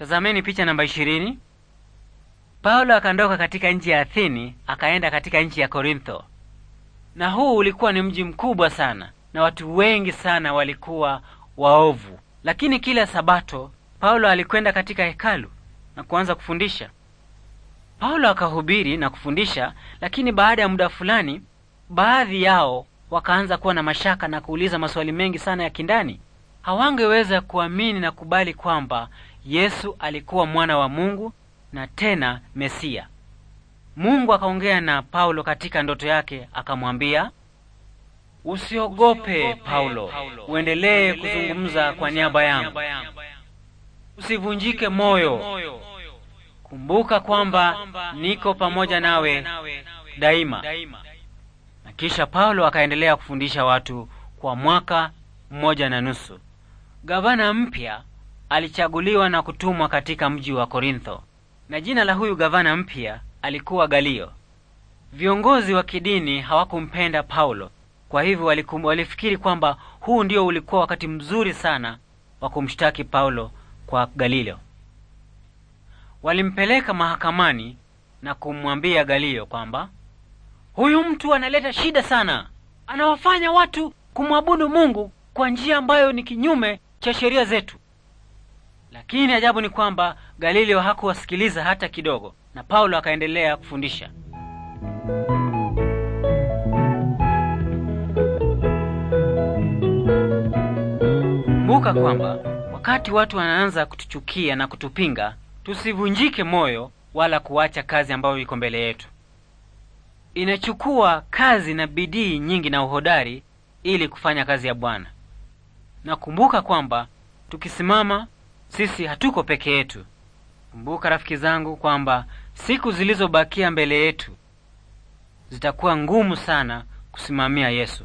Tazameni picha namba ishirini. Paulo akaondoka katika nchi ya Athini akaenda katika nchi ya Korintho, na huu ulikuwa ni mji mkubwa sana na watu wengi sana walikuwa waovu, lakini kila Sabato Paulo alikwenda katika hekalu na kuanza kufundisha. Paulo akahubiri na kufundisha, lakini baada ya muda fulani, baadhi yao wakaanza kuwa na mashaka na kuuliza maswali mengi sana ya kindani hawangeweza kuamini na kubali kwamba Yesu alikuwa mwana wa Mungu na tena Mesia. Mungu akaongea na Paulo katika ndoto yake akamwambia, usiogope Paulo, uendelee kuzungumza kwa niaba yangu, usivunjike moyo, kumbuka kwamba niko pamoja nawe daima. Na kisha Paulo akaendelea kufundisha watu kwa mwaka mmoja na nusu. Gavana mpya alichaguliwa na kutumwa katika mji wa Korintho, na jina la huyu gavana mpya alikuwa Galio. Viongozi wa kidini hawakumpenda Paulo, kwa hivyo walifikiri kwamba huu ndio ulikuwa wakati mzuri sana wa kumshtaki Paulo kwa Galio. Walimpeleka mahakamani na kumwambia Galio kwamba huyu mtu analeta shida sana, anawafanya watu kumwabudu Mungu kwa njia ambayo ni kinyume cha sheria zetu. Lakini ajabu ni kwamba Galileo hakuwasikiliza hata kidogo, na Paulo akaendelea kufundisha. Kumbuka kwamba wakati watu wanaanza kutuchukia na kutupinga, tusivunjike moyo wala kuacha kazi ambayo iko mbele yetu. Inachukua kazi na bidii nyingi na uhodari ili kufanya kazi ya Bwana na kumbuka kwamba tukisimama sisi hatuko peke yetu. Kumbuka rafiki zangu, kwamba siku zilizobakia mbele yetu zitakuwa ngumu sana kusimamia Yesu.